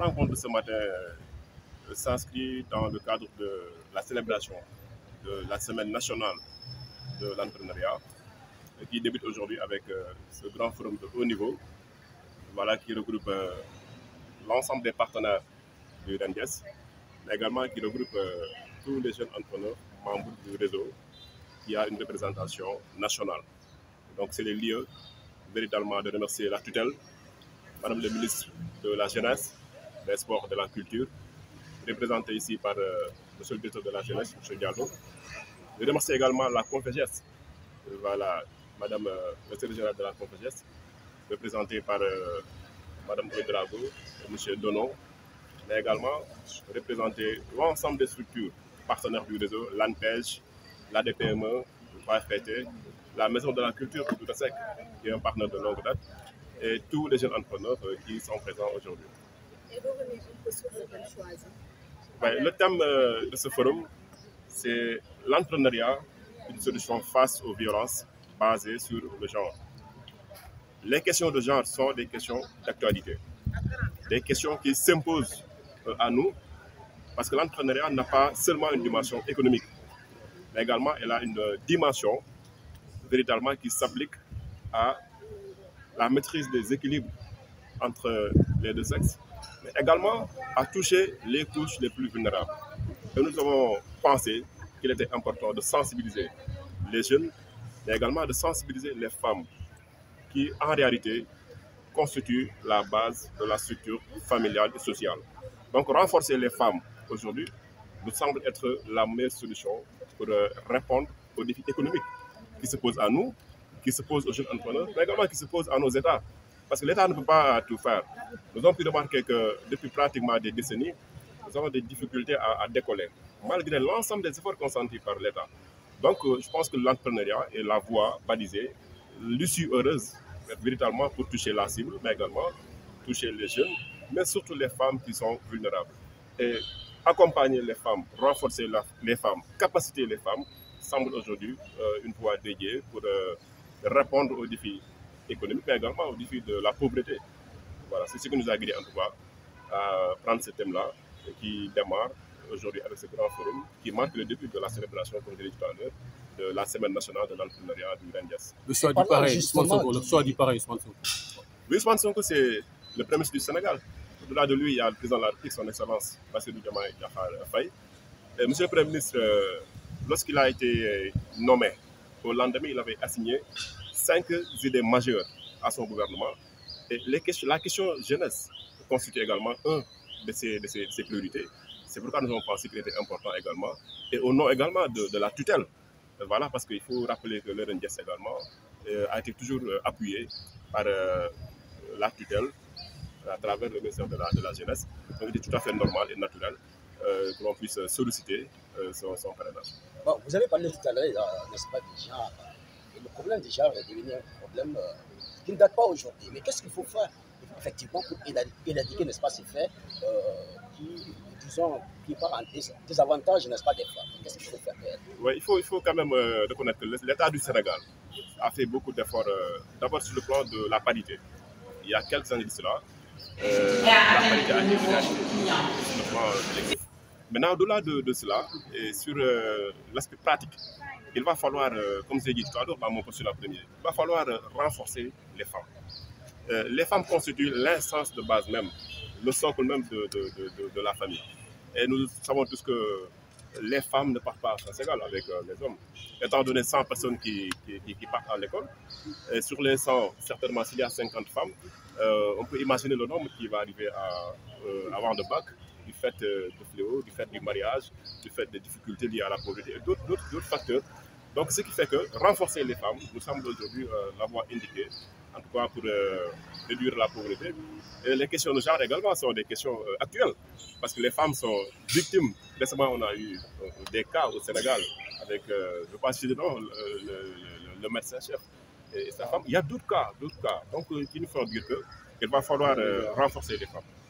rencontre de ce matin euh, s'inscrit dans le cadre de la célébration de la semaine nationale de l'entrepreneuriat euh, qui débute aujourd'hui avec euh, ce grand forum de haut niveau voilà, qui regroupe l'ensemble des partenaires du RENDES, mais également qui regroupe tous les jeunes entrepreneurs membres du réseau qui a une représentation nationale. Donc c'est le lieu véritablement de remercier la tutelle, Madame le ministre de la Jeunesse, des sports de la culture, représenté ici par euh, M. le directeur de la jeunesse, M. Diallo. Je remercie également la Confégeste, voilà, Madame euh, le général de la Confégeste, représenté par Mme euh, Madame et M. Donon, mais également représenté l'ensemble des structures partenaires du réseau, l'ANPEJ, l'ADPME, l'AFPT, la Maison de la Culture de qui est un partenaire de longue date, et tous les jeunes entrepreneurs qui sont présents aujourd'hui le thème euh, de ce forum, c'est l'entrepreneuriat, une solution face aux violences basées sur le genre. Les questions de genre sont des questions d'actualité, des questions qui s'imposent euh, à nous parce que l'entrepreneuriat n'a pas seulement une dimension économique, mais également elle a une dimension véritablement qui s'applique à la maîtrise des équilibres entre les deux sexes, mais également à toucher les couches les plus vulnérables. Et nous avons pensé qu'il était important de sensibiliser les jeunes, mais également de sensibiliser les femmes, qui en réalité constituent la base de la structure familiale et sociale. Donc renforcer les femmes aujourd'hui nous semble être la meilleure solution pour euh, répondre aux défis économiques qui se posent à nous, qui se posent aux jeunes entrepreneurs, mais également qui se posent à nos États. Parce que l'État ne peut pas tout faire. Nous avons pu remarquer que depuis pratiquement des décennies, nous avons des difficultés à, décoller, malgré l'ensemble des efforts consentis par l'État. Donc, euh, je pense que l'entrepreneuriat est la voie balisée, l'issue heureuse, véritablement pour toucher la cible, mais également toucher les jeunes, mais surtout les femmes qui sont vulnérables. Et accompagner les femmes, renforcer les femmes, capaciter les femmes, semble aujourd'hui euh, une voie dédiée pour euh, répondre aux défis économique, mais également au défi de la pauvreté. Voilà, c'est ce qui nous a guidé en tout cas à prendre ce thème-là qui démarre aujourd'hui avec ce grand forum qui marque le début de la célébration, pour les de la Semaine nationale de l'entrepreneuriat du Rendias. Le soir du pareil, Le soir du pareil, je Oui, que c'est le premier ministre du Sénégal. Au-delà de lui, il y a le président de la son Excellence, M. Faye. Monsieur le Premier ministre, euh, lorsqu'il a été euh, nommé, au lendemain, il avait assigné cinq idées majeures à son gouvernement. Et les questions, la question jeunesse constitue également un de ses, de priorités. C'est pourquoi nous avons pensé qu'il était important également, et au nom également de, la tutelle. Voilà, parce qu'il faut rappeler que le également euh, a été toujours euh, appuyé par euh, la tutelle à travers le ministère de la, Jeunesse. Donc tout à fait normal et naturel que l'on puisse solliciter son, son vous avez parlé tout à l'heure, n'est-ce pas, déjà le problème déjà est devenu un problème euh, qui ne date pas aujourd'hui. Mais qu'est-ce qu'il faut faire effectivement pour éradiquer, n'est-ce pas, ces faits euh, qui, disons, qui partent en désavantage, n'est-ce pas, des fois Qu'est-ce qu'il faut faire Oui, il faut, il faut quand même euh, reconnaître que l'État du Sénégal a fait beaucoup d'efforts, d'abord sur le plan de la parité. Il y a quelques années de cela, la parité a été sur le plan de Maintenant, au-delà de, cela, et sur euh, l'aspect pratique, il va falloir, euh, comme je dit tout à l'heure dans mon postulat premier, il va falloir euh, renforcer les femmes. les femmes constituent l'essence de base même, le socle même de, de, la famille. Et nous savons tous que les femmes ne partent pas à sens avec les hommes. Étant donné 100 personnes qui, qui, partent à l'école, sur les 100, certainement s'il y a 50 femmes, on peut imaginer le nombre qui va arriver à, avant de bac fait de fléau, du fait du mariage, du fait des difficultés liées à la pauvreté et d'autres facteurs. Donc, ce qui fait que renforcer les femmes nous semble aujourd'hui l'avoir euh, la voie indiquée, en tout cas pour euh, réduire la pauvreté. Et les questions de genre également sont des questions euh, actuelles, parce que les femmes sont victimes. Récemment, on a eu des cas au Sénégal avec, je pense, le, le, le médecin-chef et sa femme. Il y a d'autres cas, d'autres cas. Donc, il nous faut dire qu'il va falloir renforcer les femmes.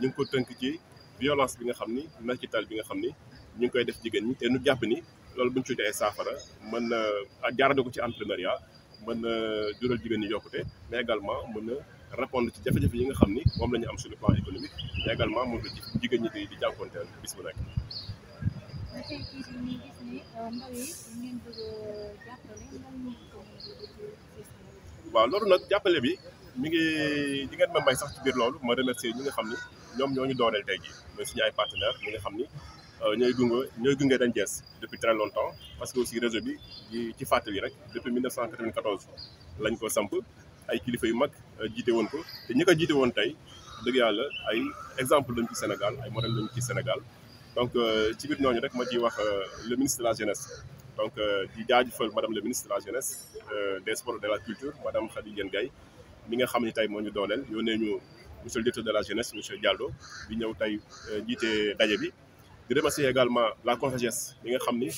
ñu ngi ko tënk ci violence bi nga xam ni marital bi nga xam ni ñu ngi koy def jigéen ñi te nu jàpp ni loolu bu ñu ci ay saafara mën na ah, jaarale ko ci entrepreneuriat mën na jural jigéen ñi yokkute mais également mën na ci jafe yi nga xam ni moom la ñu am sur le plan économique mais également mën jigéen ñi di di jànkuwanteel bis bu nekk. waaw loolu nag jàppale bi mu ngi di ngeen ma may sax ci biir loolu ma remercier ñi nga xam ni ñoom ñoo ñu dooleel tey jii mooy suñu ay partenaires ñi ngi xam ni euh, ñooy gunge ñooy gunge dañ Thiès depuis très longtemps parce que aussi réseau bi ci fàttali rek depuis 1994 lañ ko samp ay kilifa yu mag euh, jiite woon ko te ñi ko jiite woon tey dëgg yàlla ay exemple lañ ci Sénégal ay modèle lañ ci Sénégal donc euh, ci biir ñooñu rek ma ciy wax le ministre de donc euh, di jaajëfal madame le ministre de la jeunesse euh, des sports de la culture madame Khady Gaye mi nga xam ne tey moo ñu monsieur le directeur de la jeunesse monsieur Diallo bi ñëw tey euh, jiite daje bi. di remercier également la CONFEJES mi nga xam ni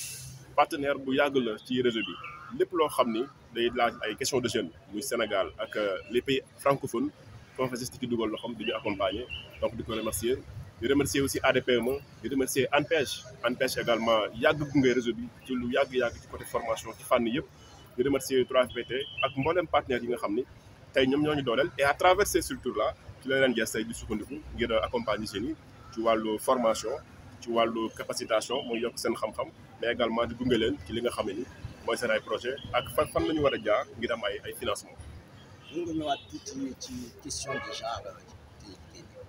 partenaire bu yàgg la ci réseau bi lépp loo xam ni day laaj ay question de jeunes muy Sénégal ak les pays francophones CONFEJES di ci dugal loxoom di ñu accompagner donc di ko remercier. Je remercie aussi ADPM, je remercie ANPEJ ANPEJ également YAG gunge réseau bi ci lu YAG YAG ci côté formation ci fànn yëpp di remercier 3FPT ak mbooleem partenaires yi nga xam ni tey ñoom ñoo ñu dooleel et à travers ces structures là ci la leen gestay di sukkandiku ngir accompagner jeunes yi ci wàllu formation ci wàllu capacitation mooy yokk seen xam-xam mais également di Gungé leen ci li nga xam ne ni projet ak fan fan la ñu war a jaar ngir am ay ay financement ñu ñëwaat tuuti ci question déjà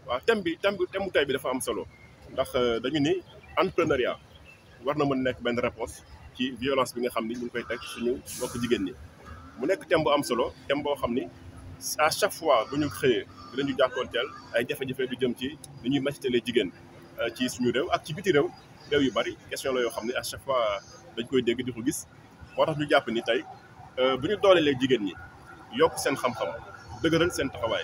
waaw thème bi thème bi dafa am solo ndax euh, dañu ni entrepreneuriat war na mën nekk réponse ci violence bi nga xamni ñu ngi koy ci ñu bokk jigen ni mu nekk thème bu am solo thème boo xam à chaque fois bu ñu xëyee dinañu jàkkoonteel ay jafé jafé du jëm ci li ñuy machitalee jigen euh, ci suñu rew ak ci biti rew rew yu bari question la yo xamni ne à chaque fois dañ koy dégg di ko gis motax ñu japp ni tey euh, bu ñu doolé doolelee jigen ni yok sen xam-xam dëgëral sen taxaway